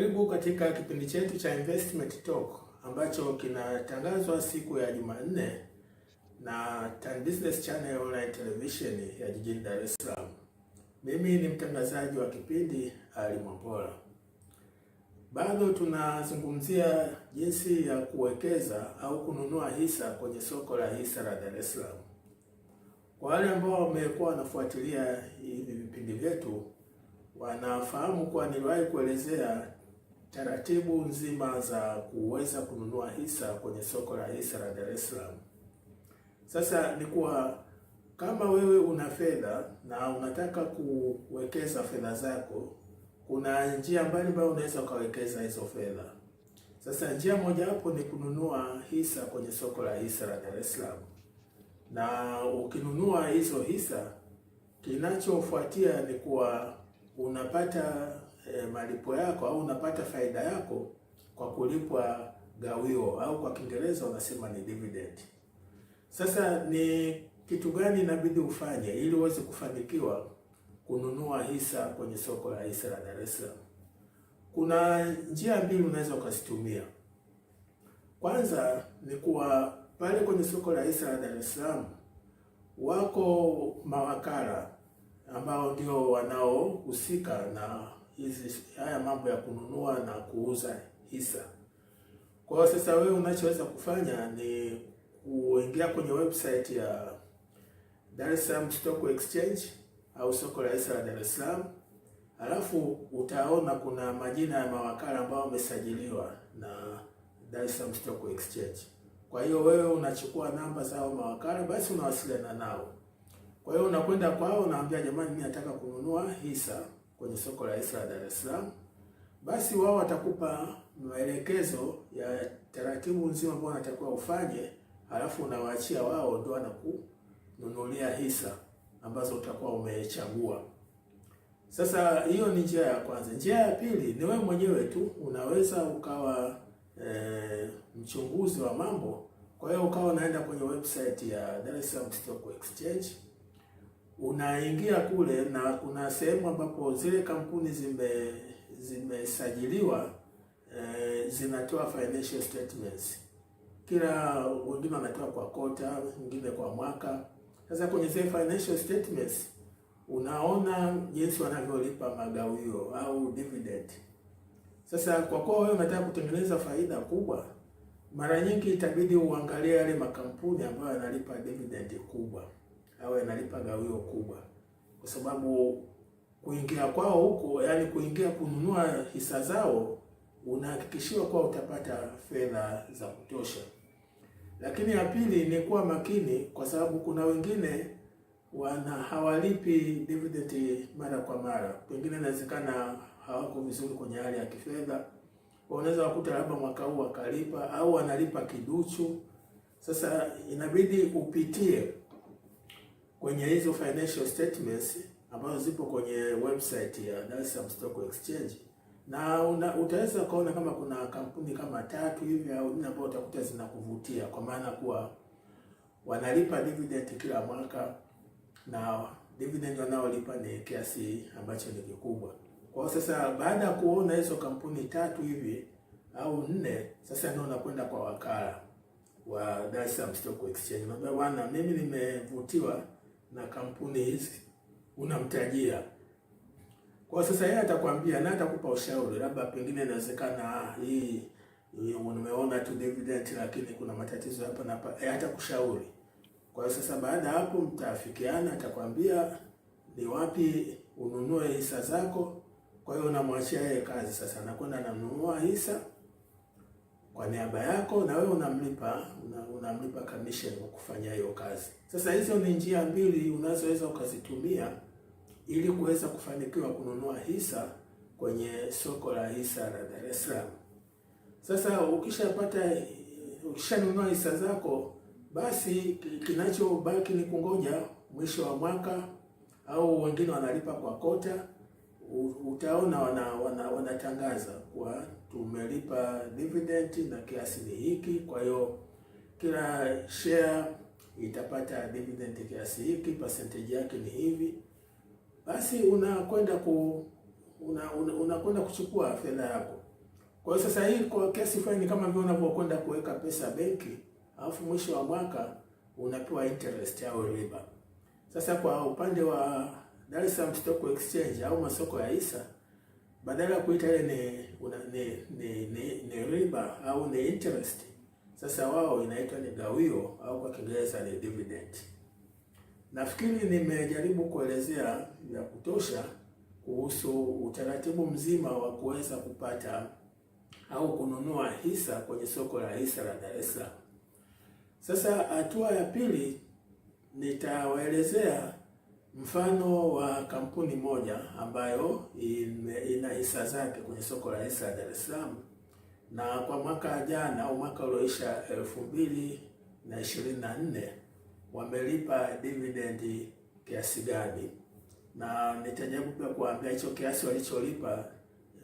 Karibu katika kipindi chetu cha Investment Talk ambacho kinatangazwa siku ya Jumanne na Tan Business Channel Online Television ya jijini Dar es Salaam. Mimi ni mtangazaji wa kipindi Ali Mwambola. Bado tunazungumzia jinsi ya kuwekeza au kununua hisa kwenye soko la hisa la Dar es Salaam. Kwa wale ambao wamekuwa wanafuatilia hivi vipindi vyetu wanafahamu kuwa niliwahi kuelezea taratibu nzima za kuweza kununua hisa kwenye soko la hisa la Dar es Salaam. Sasa ni kuwa kama wewe una fedha na unataka kuwekeza fedha zako, kuna njia mbalimbali unaweza ukawekeza hizo fedha. Sasa njia moja hapo ni kununua hisa kwenye soko la hisa la Dar es Salaam, na ukinunua hizo hisa, kinachofuatia ni kuwa unapata e, malipo yako au unapata faida yako kwa kulipwa gawio au kwa Kiingereza wanasema ni dividend. Sasa ni kitu gani inabidi ufanye ili uweze kufanikiwa kununua hisa kwenye soko la hisa la Dar es Salaam? Kuna njia mbili unaweza ukazitumia. Kwanza ni kuwa pale kwenye soko la hisa la Dar es Salaam wako mawakala ambao ndio wanaohusika na hizi haya mambo ya kununua na kuuza hisa. Kwa hiyo sasa wewe unachoweza kufanya ni kuingia kwenye website ya Dar es Salaam Stock Exchange au soko la hisa la Dar es Salaam, alafu utaona kuna majina ya mawakala ambao wamesajiliwa na Dar es Salaam Stock Exchange. Kwa hiyo wewe unachukua namba zao mawakala, basi unawasiliana nao. Kwa hiyo unakwenda kwao, unaambia jamani, mimi nataka kununua hisa kwenye soko la Isra Dar es Salaam, basi wao watakupa maelekezo ya taratibu nzima ambao unatakiwa ufanye, halafu unawaachia wao ndio wanakununulia hisa ambazo utakuwa umechagua. Sasa hiyo ni njia ya kwanza. Njia ya pili ni wewe mwenyewe tu unaweza ukawa e, mchunguzi wa mambo. Kwa hiyo ukawa unaenda kwenye website ya Dar es Salaam Stock Exchange unaingia kule na kuna sehemu ambapo zile kampuni zime zimesajiliwa e, zinatoa financial statements kila wengine wanatoa kwa kota, wengine kwa mwaka. Sasa kwenye zile financial statements unaona jinsi wanavyolipa magawio au dividend. Sasa kwa kuwa wewe unataka kutengeneza faida kubwa, mara nyingi itabidi uangalie yale makampuni ambayo yanalipa dividend kubwa awe analipa gawio kubwa, kwa sababu kuingia kwao huko, yani kuingia kununua hisa zao, unahakikishiwa kuwa utapata fedha za kutosha. Lakini ya pili ni kuwa makini, kwa sababu kuna wengine wana hawalipi dividend mara kwa mara, pengine inawezekana hawako vizuri kwenye hali ya kifedha, wanaweza wakuta labda mwaka huu wakalipa au wanalipa kiduchu. Sasa inabidi upitie kwenye hizo financial statements ambazo zipo kwenye website ya Dar es Salaam Stock Exchange na una, utaweza ukaona kama kuna kampuni kama tatu hivi au nne ambazo utakuta zinakuvutia kwa maana kuwa wanalipa dividend kila mwaka na dividend wanaolipa ni kiasi ambacho ni kikubwa. Kwa hiyo sasa, baada ya kuona hizo kampuni tatu hivi au nne, sasa ndio unakwenda kwa wakala wa Dar es Salaam Stock Exchange, unaambia bwana, mimi nimevutiwa na kampuni hizi unamtajia. Kwa sasa yeye atakwambia na atakupa ushauri, labda pengine inawezekana ah, hii nimeona tu dividend, lakini kuna matatizo hapa na hapa, e, kushauri. Kwa sasa baada ya hapo mtaafikiana, atakwambia ni wapi ununue hisa zako. Kwa hiyo unamwachia yeye kazi sasa, anakwenda ananunua hisa kwa niaba yako, na wewe unamlipa unamlipa commission kwa kufanya hiyo kazi. Sasa hizo ni njia mbili unazoweza ukazitumia ili kuweza kufanikiwa kununua hisa kwenye soko la hisa la Dar es Salaam. Sasa ukishapata ukishanunua hisa zako, basi kinachobaki ni kungoja mwisho wa mwaka, au wengine wanalipa kwa kota, utaona wanatangaza wana, wana kwa tumelipa dividend na kiasi ni hiki. Kwa hiyo kila share itapata dividend kiasi hiki, percentage yake ni hivi. Basi unakwenda ku una, una, una kuchukua fedha yako. Kwa hiyo sasa hii kwa kiasi fulani kama vile unavyokwenda kuweka pesa benki, alafu mwisho wa mwaka unapewa interest au riba. Sasa kwa upande wa Dar es Salaam Stock Exchange au masoko ya hisa badala ya kuita ile ni, ni, ni, ni, ni riba au ni interest. Sasa wao inaitwa ni gawio au kwa Kiingereza ni dividend. Nafikiri nimejaribu kuelezea ya kutosha kuhusu utaratibu mzima wa kuweza kupata au kununua hisa kwenye soko la hisa la Dar es Salaam. Sasa hatua ya pili nitawaelezea Mfano wa kampuni moja ambayo ina hisa zake kwenye soko la hisa ya Dar es Salaam, na kwa mwaka jana au mwaka ulioisha elfu mbili na ishirini na nne wamelipa dividend kiasi gani, na nitajaribu pia kuambia hicho kiasi walicholipa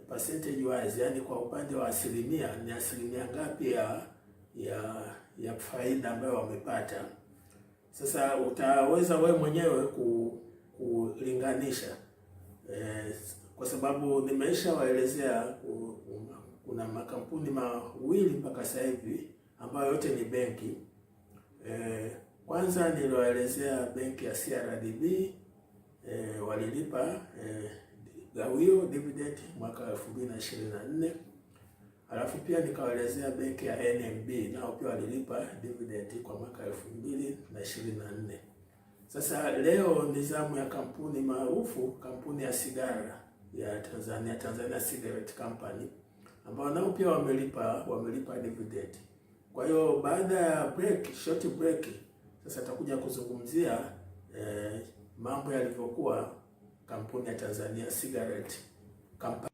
percentage wise, yani kwa upande wa asilimia ni asilimia ngapi ya ya ya faida ambayo wamepata. Sasa utaweza wewe mwenyewe kulinganisha e, kwa sababu nimeshawaelezea kuna makampuni mawili mpaka sasa hivi ambayo yote ni benki e, kwanza niliwaelezea benki ya CRDB e, eh, walilipa e, gawio dividend mwaka 2024 Alafu pia nikawaelezea benki ya NMB nao pia walilipa dividend kwa mwaka 2024. Sasa leo ni zamu ya kampuni maarufu, kampuni ya sigara ya Tanzania, Tanzania Cigarette Company ambao nao pia wamelipa wamelipa dividend. Kwa hiyo baada ya break, short break, sasa atakuja kuzungumzia eh, mambo yalivyokuwa kampuni ya Tanzania Cigarette Company.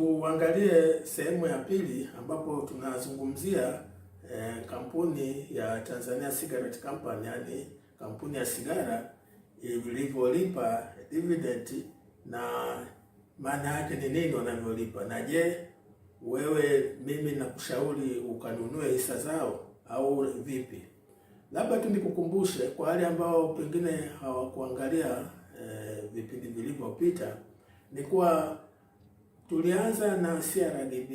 tuangalie sehemu ya pili ambapo tunazungumzia eh, kampuni ya Tanzania Cigarette Company, yani kampuni ya sigara ilivyolipa dividend na maana yake ni nini wanavyolipa, na je, wewe mimi nakushauri ukanunue hisa zao au vipi? Labda tu nikukumbushe kwa wale ambao pengine hawakuangalia eh, vipindi vilivyopita ni kuwa Tulianza na CRDB.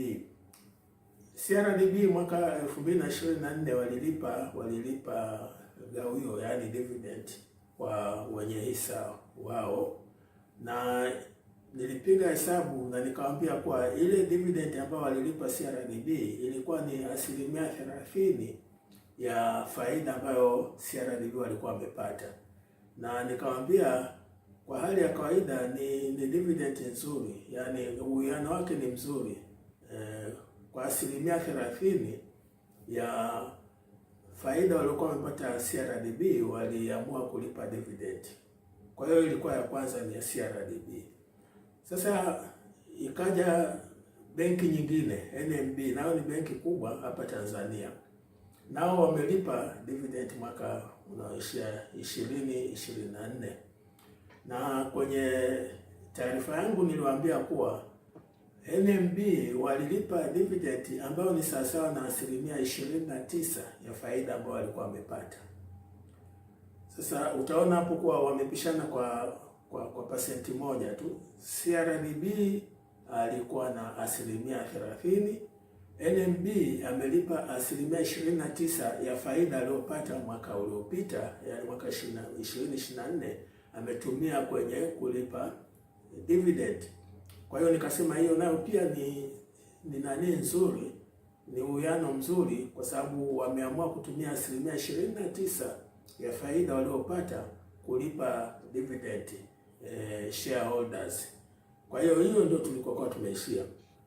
CRDB mwaka 2024 walilipa walilipa gawio yaani dividend kwa wenye hisa wao, na nilipiga hesabu na nikawambia kuwa ile dividend ambayo walilipa CRDB ilikuwa ni asilimia 30 ya faida ambayo CRDB walikuwa wamepata, na nikamwambia kwa hali ya kawaida ni, ni dividend nzuri, yaani uwiano wake ni mzuri e, kwa asilimia thelathini ya faida waliokuwa wamepata CRDB waliamua kulipa dividend. Kwa hiyo ilikuwa ya kwanza ni ya CRDB. Sasa ikaja benki nyingine NMB, nayo ni benki kubwa hapa Tanzania, nao wamelipa dividend mwaka unaoishia ishirini ishirini na nne na kwenye taarifa yangu niliwaambia kuwa NMB walilipa dividend ambayo ni sawasawa na asilimia 29 ya faida ambayo walikuwa wamepata. Sasa utaona hapo kuwa wamepishana kwa kwa, kwa pasenti moja tu. CRDB alikuwa na asilimia 30, NMB amelipa asilimia 29 ya faida aliyopata mwaka uliopita, yani mwaka 2024 ametumia kwenye kulipa dividend. Kwa hiyo nikasema hiyo nayo pia ni ni nani nzuri, ni uwiano mzuri, kwa sababu wameamua kutumia asilimia ishirini na tisa ya faida waliopata kulipa dividend eh, shareholders. Kwa hiyo hiyo ndio kwa tumeishia.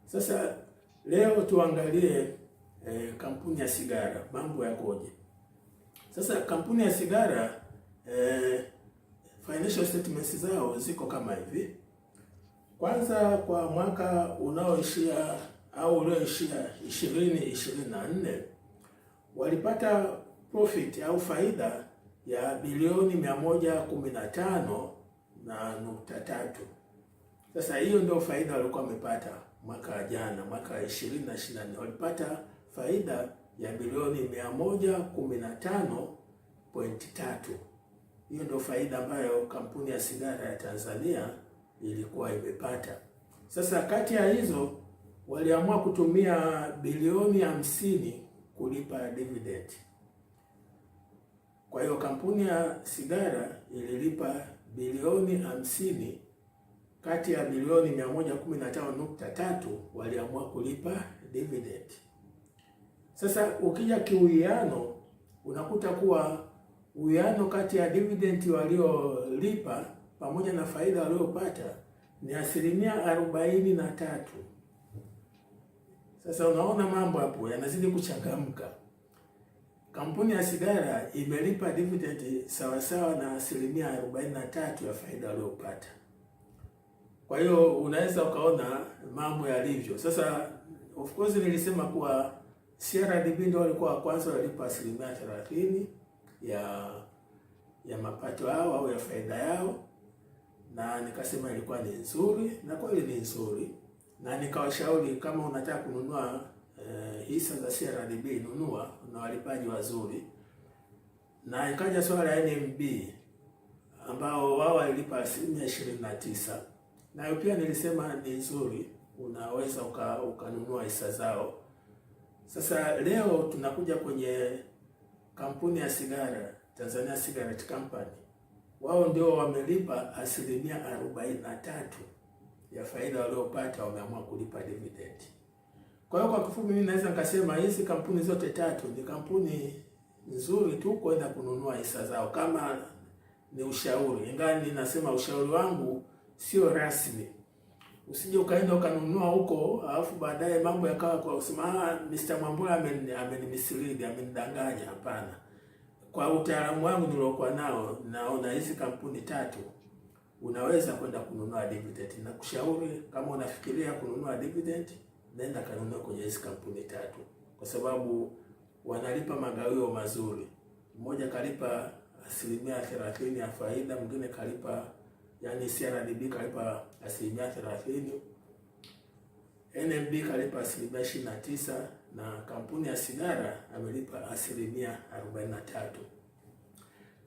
Sasa leo tuangalie eh, kampuni ya sigara mambo yakoje. Sasa kampuni ya sigara eh, financial statements zao ziko kama hivi. Kwanza kwa mwaka unaoishia au ulioishia 2024 walipata profit au faida ya bilioni 115 na nukta tatu. Sasa hiyo ndio faida walikuwa wamepata mwaka jana, mwaka 2024 walipata faida ya bilioni 115.3. Hiyo ndio faida ambayo kampuni ya sigara ya Tanzania ilikuwa imepata. Sasa kati ya hizo waliamua kutumia bilioni hamsini kulipa dividend. Kwa hiyo kampuni ya sigara ililipa bilioni hamsini kati ya bilioni 115.3 waliamua kulipa dividend. Sasa ukija kiuiano unakuta kuwa uwiano kati ya dividend waliolipa pamoja na faida waliopata ni asilimia arobaini na tatu. Sasa unaona mambo hapo yanazidi kuchangamka. Kampuni ya sigara imelipa dividend sawasawa na asilimia arobaini na tatu ya faida waliopata. Kwa hiyo unaweza ukaona mambo yalivyo. Sasa of course nilisema kuwa CRDB ndio walikuwa wa kwanza walipa asilimia thelathini ya ya mapato yao au ya faida yao, na nikasema ilikuwa ni nzuri, na kweli ni nzuri, na nikawashauri kama unataka kununua eh, hisa za CRDB nunua, na walipaji wazuri. Na ikaja swala ya NMB ambao wao walilipa asilimia ishirini na tisa nayo pia nilisema ni nzuri, unaweza ukanunua uka hisa zao. Sasa leo tunakuja kwenye kampuni ya sigara Tanzania Cigarette Company, wao ndio wamelipa asilimia arobaini tatu ya faida waliopata, wameamua kulipa dividend. Kwa hiyo kwa kifupi, mimi naweza nikasema hizi kampuni zote tatu ni kampuni nzuri tu kwenda kununua hisa zao, kama ni ushauri, ingawa ninasema ushauri wangu sio rasmi usije ukaenda ukanunua huko alafu baadaye mambo yakawa kwa usimama, ah, Mr. Mwambola amenimislead, amenidanganya. Hapana, kwa utaalamu wangu niliokuwa nao, naona hizi kampuni tatu unaweza kwenda kununua dividend, na kushauri kama unafikiria kununua dividend, nenda kanunua kwenye hizi kampuni tatu, kwa sababu wanalipa magawio mazuri. Mmoja kalipa asilimia thelathini ya faida, mwingine kalipa yani CRDB kalipa asilimia thelathini, NMB kalipa asilimia ishirini na tisa na kampuni ya sigara amelipa asilimia arobaini na tatu.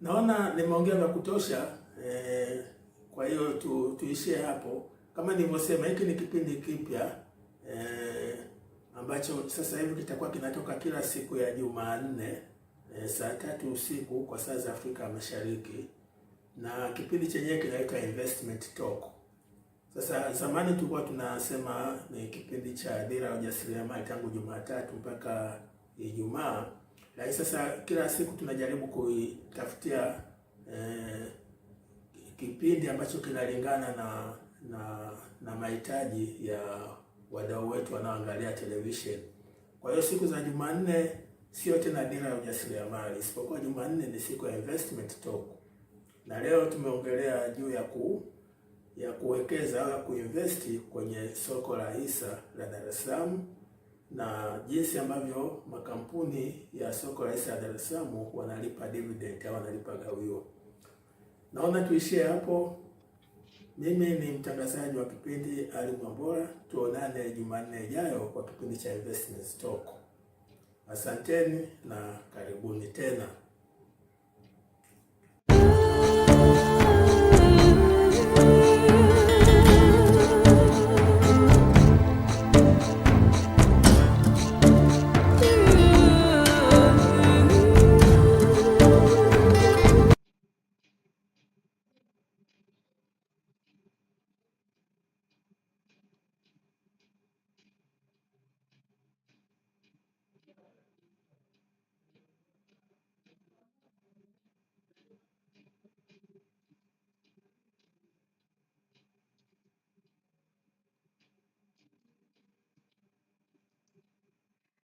Naona nimeongea vya kutosha eh, kwa hiyo tu, tuishie hapo. Kama nilivyosema, hiki ni kipindi kipya eh, ambacho sasa hivi kitakuwa kinatoka kila siku ya Jumanne eh, saa tatu usiku kwa saa za Afrika Mashariki na kipindi chenyewe kinaitwa investment talk. Sasa zamani tulikuwa tunasema ni kipindi cha Dira ya Ujasiriamali tangu Jumatatu mpaka Ijumaa, lakini sasa kila siku tunajaribu kuitafutia eh, kipindi ambacho kinalingana na na, na mahitaji ya wadau wetu wanaoangalia television. Kwa hiyo siku za Jumanne sio tena Dira ya Ujasiriamali, isipokuwa Jumanne ni siku ya investment talk na leo tumeongelea juu ya ku ya kuwekeza au kuinvesti kwenye soko la hisa la Dar es Salaam na jinsi ambavyo makampuni ya soko la hisa la Dar es Salaam wanalipa dividend au wanalipa gawio. Naona tuishie hapo. Mimi ni mtangazaji wa kipindi Ali Mwambola. Tuonane Jumanne ijayo kwa kipindi cha Investment Stock. Asanteni na karibuni tena.